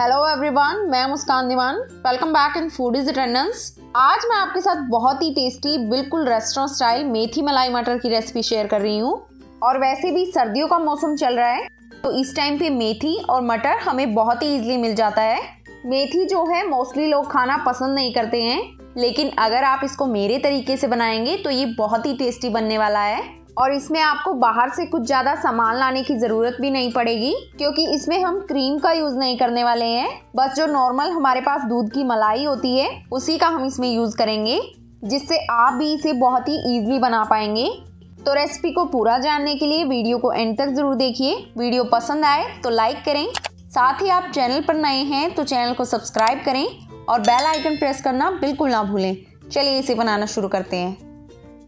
hello everyone मैं Muskan Dewan welcome back in food is attendance आज मैं आपके साथ बहुत ही टेस्टी बिल्कुल रेस्टोरेंट स्टाइल मेथी मलाई मटर की रेसिपी शेयर कर रही हूँ और वैसे भी सर्दियों का मौसम चल रहा है तो इस टाइम पे मेथी और मटर हमें बहुत ही ईजिली मिल जाता है मेथी जो है मोस्टली लोग खाना पसंद नहीं करते हैं लेकिन अगर आप इसको मेरे तरीके से बनाएंगे तो ये बहुत ही टेस्टी बनने वाला है और इसमें आपको बाहर से कुछ ज़्यादा सामान लाने की ज़रूरत भी नहीं पड़ेगी क्योंकि इसमें हम क्रीम का यूज़ नहीं करने वाले हैं बस जो नॉर्मल हमारे पास दूध की मलाई होती है उसी का हम इसमें यूज़ करेंगे जिससे आप भी इसे बहुत ही ईजिली बना पाएंगे तो रेसिपी को पूरा जानने के लिए वीडियो को एंड तक ज़रूर देखिए वीडियो पसंद आए तो लाइक करें साथ ही आप चैनल पर नए हैं तो चैनल को सब्सक्राइब करें और बेल आइकन प्रेस करना बिल्कुल ना भूलें चलिए इसे बनाना शुरू करते हैं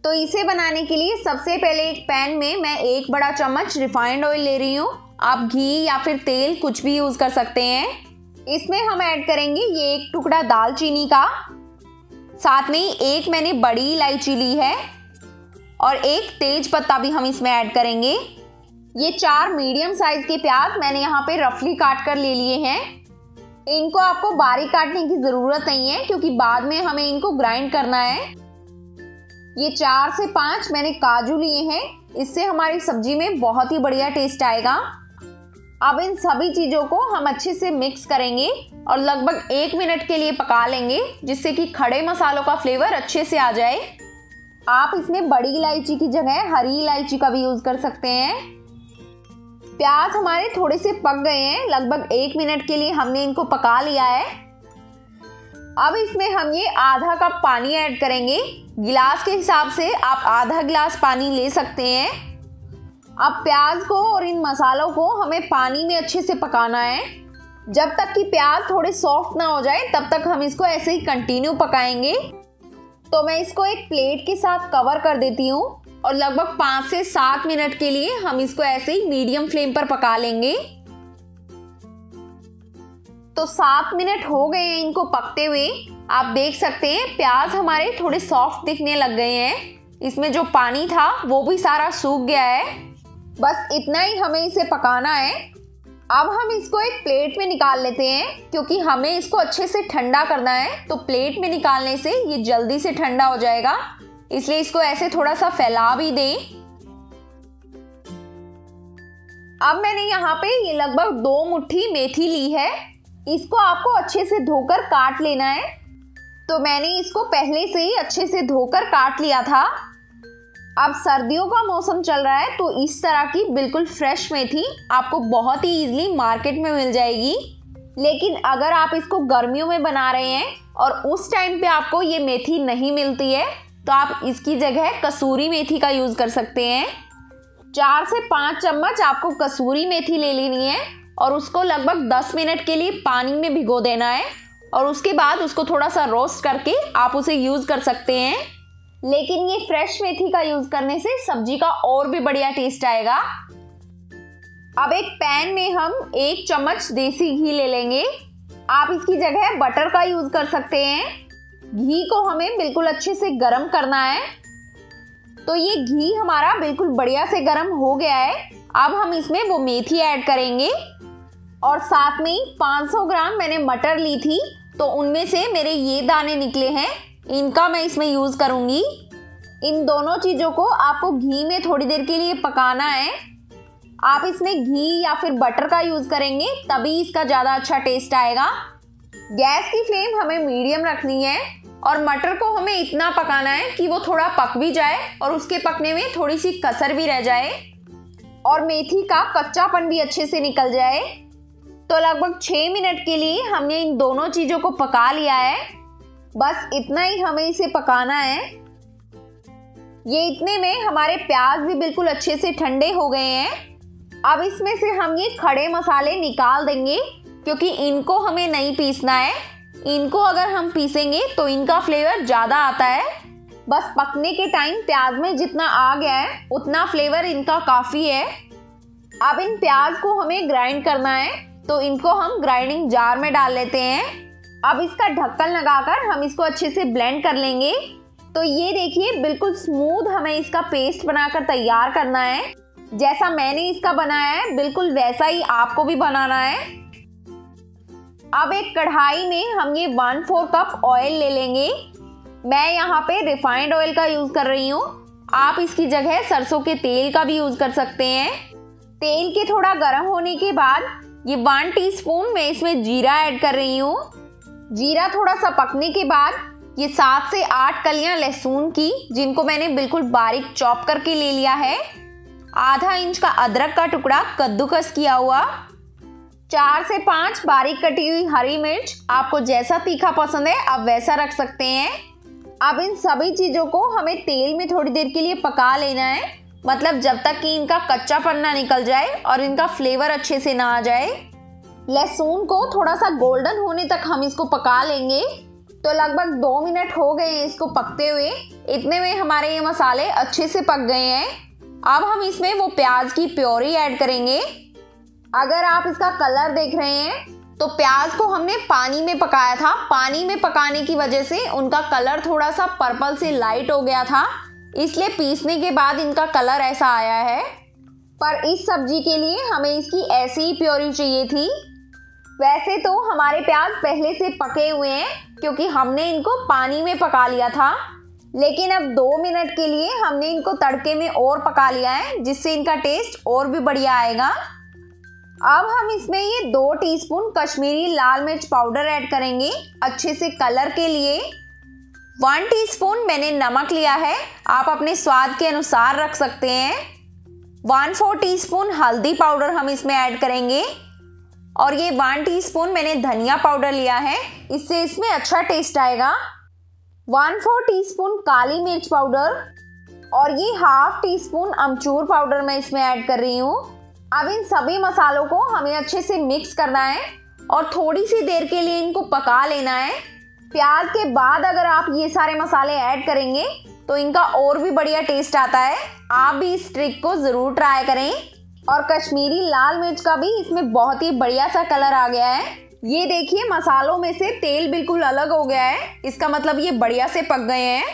तो इसे बनाने के लिए सबसे पहले एक पैन में मैं एक बड़ा चम्मच रिफाइंड ऑयल ले रही हूँ आप घी या फिर तेल कुछ भी यूज़ कर सकते हैं इसमें हम ऐड करेंगे ये एक टुकड़ा दालचीनी का साथ में ही एक मैंने बड़ी इलायची ली है और एक तेज पत्ता भी हम इसमें ऐड करेंगे ये चार मीडियम साइज के प्याज मैंने यहाँ पे रफली काट कर ले लिए हैं इनको आपको बारीक काटने की ज़रूरत नहीं है क्योंकि बाद में हमें इनको ग्राइंड करना है ये चार से पांच मैंने काजू लिए हैं इससे हमारी सब्जी में बहुत ही बढ़िया टेस्ट आएगा अब इन सभी चीज़ों को हम अच्छे से मिक्स करेंगे और लगभग एक मिनट के लिए पका लेंगे जिससे कि खड़े मसालों का फ्लेवर अच्छे से आ जाए आप इसमें बड़ी इलायची की जगह हरी इलायची का भी यूज़ कर सकते हैं प्याज हमारे थोड़े से पक गए हैं लगभग एक मिनट के लिए हमने इनको पका लिया है अब इसमें हम ये आधा कप पानी ऐड करेंगे गिलास के हिसाब से आप आधा गिलास पानी ले सकते हैं अब प्याज को और इन मसालों को हमें पानी में अच्छे से पकाना है जब तक कि प्याज थोड़े सॉफ्ट ना हो जाए तब तक हम इसको ऐसे ही कंटिन्यू पकाएंगे तो मैं इसको एक प्लेट के साथ कवर कर देती हूँ और लगभग पाँच से सात मिनट के लिए हम इसको ऐसे ही मीडियम फ्लेम पर पका लेंगे तो सात मिनट हो गए हैं इनको पकते हुए आप देख सकते हैं प्याज हमारे थोड़े सॉफ्ट दिखने लग गए हैं इसमें जो पानी था वो भी सारा सूख गया है बस इतना ही हमें इसे पकाना है अब हम इसको एक प्लेट में निकाल लेते हैं क्योंकि हमें इसको अच्छे से ठंडा करना है तो प्लेट में निकालने से ये जल्दी से ठंडा हो जाएगा इसलिए इसको ऐसे थोड़ा सा फैला भी दें अब मैंने यहाँ पे ये लगभग दो मुट्ठी मेथी ली है इसको आपको अच्छे से धोकर काट लेना है तो मैंने इसको पहले से ही अच्छे से धोकर काट लिया था अब सर्दियों का मौसम चल रहा है तो इस तरह की बिल्कुल फ्रेश मेथी आपको बहुत ही ईजिली मार्केट में मिल जाएगी लेकिन अगर आप इसको गर्मियों में बना रहे हैं और उस टाइम पे आपको ये मेथी नहीं मिलती है तो आप इसकी जगह कसूरी मेथी का यूज़ कर सकते हैं चार से पाँच चम्मच आपको कसूरी मेथी ले लेनी है और उसको लगभग 10 मिनट के लिए पानी में भिगो देना है और उसके बाद उसको थोड़ा सा रोस्ट करके आप उसे यूज़ कर सकते हैं लेकिन ये फ्रेश मेथी का यूज़ करने से सब्जी का और भी बढ़िया टेस्ट आएगा अब एक पैन में हम एक चम्मच देसी घी ले लेंगे आप इसकी जगह बटर का यूज़ कर सकते हैं घी को हमें बिल्कुल अच्छे से गर्म करना है तो ये घी हमारा बिल्कुल बढ़िया से गर्म हो गया है अब हम इसमें वो मेथी ऐड करेंगे और साथ में 500 ग्राम मैंने मटर ली थी तो उनमें से मेरे ये दाने निकले हैं इनका मैं इसमें यूज़ करूँगी इन दोनों चीज़ों को आपको घी में थोड़ी देर के लिए पकाना है आप इसमें घी या फिर बटर का यूज़ करेंगे तभी इसका ज़्यादा अच्छा टेस्ट आएगा गैस की फ्लेम हमें मीडियम रखनी है और मटर को हमें इतना पकाना है कि वो थोड़ा पक भी जाए और उसके पकने में थोड़ी सी कसर भी रह जाए और मेथी का कच्चापन भी अच्छे से निकल जाए तो लगभग छः मिनट के लिए हमने इन दोनों चीज़ों को पका लिया है बस इतना ही हमें इसे पकाना है ये इतने में हमारे प्याज भी बिल्कुल अच्छे से ठंडे हो गए हैं अब इसमें से हम ये खड़े मसाले निकाल देंगे क्योंकि इनको हमें नहीं पीसना है इनको अगर हम पीसेंगे तो इनका फ्लेवर ज़्यादा आता है बस पकने के टाइम प्याज में जितना आ गया है उतना फ्लेवर इनका काफ़ी है अब इन प्याज को हमें ग्राइंड करना है तो इनको हम ग्राइंडिंग जार में डाल लेते हैं अब इसका ढक्कन लगाकर हम इसको अच्छे से ब्लेंड कर लेंगे तो ये देखिए बिल्कुल स्मूथ हमें इसका पेस्ट बनाकर तैयार करना है जैसा मैंने इसका बनाया है बिल्कुल वैसा ही आपको भी बनाना है अब एक कढ़ाई में हम ये वन फोर कप ऑयल ले लेंगे मैं यहाँ पे रिफाइंड ऑयल का यूज़ कर रही हूँ आप इसकी जगह सरसों के तेल का भी यूज़ कर सकते हैं तेल के थोड़ा गर्म होने के बाद ये वन टीस्पून मैं इसमें जीरा ऐड कर रही हूँ जीरा थोड़ा सा पकने के बाद ये सात से आठ कलियां लहसुन की जिनको मैंने बिल्कुल बारीक चॉप करके ले लिया है आधा इंच का अदरक का टुकड़ा कद्दूकस किया हुआ चार से पांच बारीक कटी हुई हरी मिर्च आपको जैसा तीखा पसंद है आप वैसा रख सकते हैं अब इन सभी चीज़ों को हमें तेल में थोड़ी देर के लिए पका लेना है मतलब जब तक कि इनका कच्चा पन्ना निकल जाए और इनका फ्लेवर अच्छे से ना आ जाए लहसुन को थोड़ा सा गोल्डन होने तक हम इसको पका लेंगे तो लगभग दो मिनट हो गए इसको पकते हुए इतने में हमारे ये मसाले अच्छे से पक गए हैं अब हम इसमें वो प्याज की प्योरी ऐड करेंगे अगर आप इसका कलर देख रहे हैं तो प्याज को हमने पानी में पकाया था पानी में पकाने की वजह से उनका कलर थोड़ा सा पर्पल से लाइट हो गया था इसलिए पीसने के बाद इनका कलर ऐसा आया है पर इस सब्जी के लिए हमें इसकी ऐसी ही प्योरी चाहिए थी वैसे तो हमारे प्याज पहले से पके हुए हैं क्योंकि हमने इनको पानी में पका लिया था लेकिन अब दो मिनट के लिए हमने इनको तड़के में और पका लिया है जिससे इनका टेस्ट और भी बढ़िया आएगा अब हम इसमें ये दो टीस्पून कश्मीरी लाल मिर्च पाउडर ऐड करेंगे अच्छे से कलर के लिए वन टीस्पून मैंने नमक लिया है आप अपने स्वाद के अनुसार रख सकते हैं वन फोर टीस्पून हल्दी पाउडर हम इसमें ऐड करेंगे और ये वन टीस्पून मैंने धनिया पाउडर लिया है इससे इसमें अच्छा टेस्ट आएगा वन फोर टीस्पून काली मिर्च पाउडर और ये हाफ टी स्पून अमचूर पाउडर मैं इसमें ऐड कर रही हूँ अब इन सभी मसालों को हमें अच्छे से मिक्स करना है और थोड़ी सी देर के लिए इनको पका लेना है प्याज के बाद अगर आप ये सारे मसाले ऐड करेंगे तो इनका और भी बढ़िया टेस्ट आता है आप भी इस ट्रिक को ज़रूर ट्राई करें और कश्मीरी लाल मिर्च का भी इसमें बहुत ही बढ़िया सा कलर आ गया है ये देखिए मसालों में से तेल बिल्कुल अलग हो गया है इसका मतलब ये बढ़िया से पक गए हैं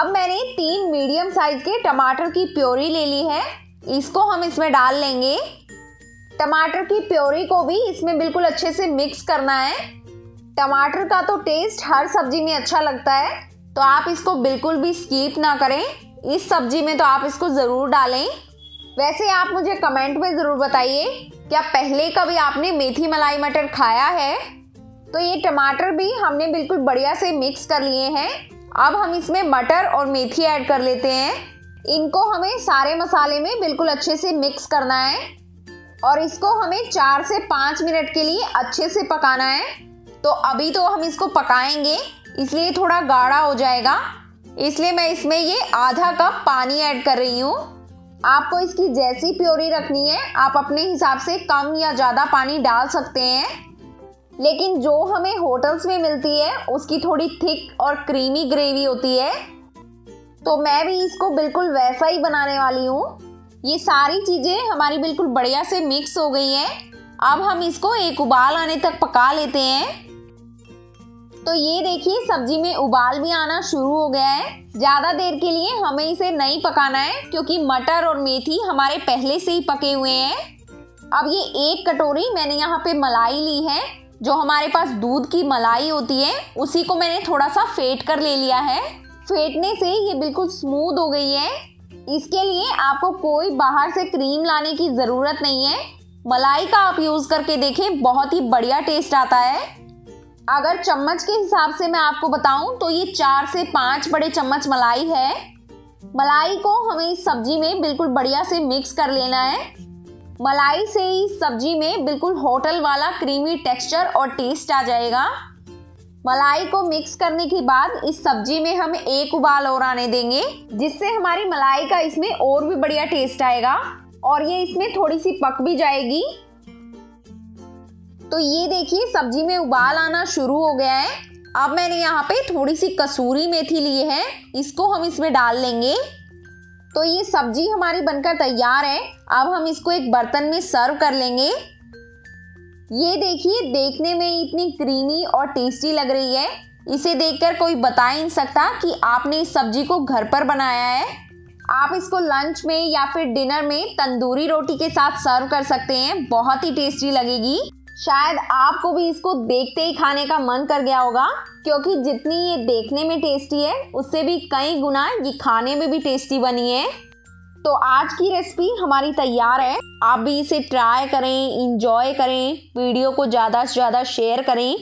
अब मैंने तीन मीडियम साइज के टमाटर की प्योरी ले ली है इसको हम इसमें डाल लेंगे टमाटर की प्योरी को भी इसमें बिल्कुल अच्छे से मिक्स करना है टमाटर का तो टेस्ट हर सब्जी में अच्छा लगता है तो आप इसको बिल्कुल भी स्कीप ना करें इस सब्जी में तो आप इसको ज़रूर डालें वैसे आप मुझे कमेंट में ज़रूर बताइए क्या पहले कभी आपने मेथी मलाई मटर खाया है तो ये टमाटर भी हमने बिल्कुल बढ़िया से मिक्स कर लिए हैं अब हम इसमें मटर और मेथी ऐड कर लेते हैं इनको हमें सारे मसाले में बिल्कुल अच्छे से मिक्स करना है और इसको हमें चार से पाँच मिनट के लिए अच्छे से पकाना है तो अभी तो हम इसको पकाएंगे इसलिए थोड़ा गाढ़ा हो जाएगा इसलिए मैं इसमें ये आधा कप पानी ऐड कर रही हूँ आपको इसकी जैसी प्योरी रखनी है आप अपने हिसाब से कम या ज़्यादा पानी डाल सकते हैं लेकिन जो हमें होटल्स में मिलती है उसकी थोड़ी थिक और क्रीमी ग्रेवी होती है तो मैं भी इसको बिल्कुल वैसा ही बनाने वाली हूँ ये सारी चीज़ें हमारी बिल्कुल बढ़िया से मिक्स हो गई हैं अब हम इसको एक उबाल आने तक पका लेते हैं तो ये देखिए सब्जी में उबाल भी आना शुरू हो गया है ज़्यादा देर के लिए हमें इसे नहीं पकाना है क्योंकि मटर और मेथी हमारे पहले से ही पके हुए हैं अब ये एक कटोरी मैंने यहाँ पे मलाई ली है जो हमारे पास दूध की मलाई होती है उसी को मैंने थोड़ा सा फेंट कर ले लिया है फेंटने से ये बिल्कुल स्मूद हो गई है इसके लिए आपको कोई बाहर से क्रीम लाने की ज़रूरत नहीं है मलाई का आप यूज़ करके देखें बहुत ही बढ़िया टेस्ट आता है अगर चम्मच के हिसाब से मैं आपको बताऊं तो ये चार से पाँच बड़े चम्मच मलाई है मलाई को हमें इस सब्जी में बिल्कुल बढ़िया से मिक्स कर लेना है मलाई से ही सब्जी में बिल्कुल होटल वाला क्रीमी टेक्सचर और टेस्ट आ जाएगा मलाई को मिक्स करने के बाद इस सब्जी में हम एक उबाल और आने देंगे जिससे हमारी मलाई का इसमें और भी बढ़िया टेस्ट आएगा और ये इसमें थोड़ी सी पक भी जाएगी तो ये देखिए सब्जी में उबाल आना शुरू हो गया है अब मैंने यहाँ पे थोड़ी सी कसूरी मेथी ली है इसको हम इसमें डाल लेंगे तो ये सब्जी हमारी बनकर तैयार है अब हम इसको एक बर्तन में सर्व कर लेंगे ये देखिए देखने में इतनी क्रीमी और टेस्टी लग रही है इसे देखकर कोई बता ही नहीं सकता कि आपने इस सब्जी को घर पर बनाया है आप इसको लंच में या फिर डिनर में तंदूरी रोटी के साथ सर्व कर सकते हैं बहुत ही टेस्टी लगेगी शायद आपको भी इसको देखते ही खाने का मन कर गया होगा क्योंकि जितनी ये देखने में टेस्टी है उससे भी कई गुना ये खाने में भी टेस्टी बनी है तो आज की रेसिपी हमारी तैयार है आप भी इसे ट्राई करें इंजॉय करें वीडियो को ज़्यादा से ज़्यादा शेयर करें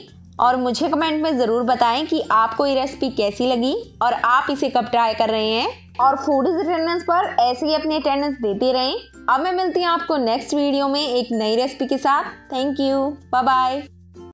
और मुझे कमेंट में ज़रूर बताएं कि आपको ये रेसिपी कैसी लगी और आप इसे कब ट्राई कर रहे हैं और फूड इज अटेंडेंस पर ऐसे ही अपनी अटेंडेंस देते रहें अब मैं मिलती हूँ आपको नेक्स्ट वीडियो में एक नई रेसिपी के साथ थैंक यू बाय बाय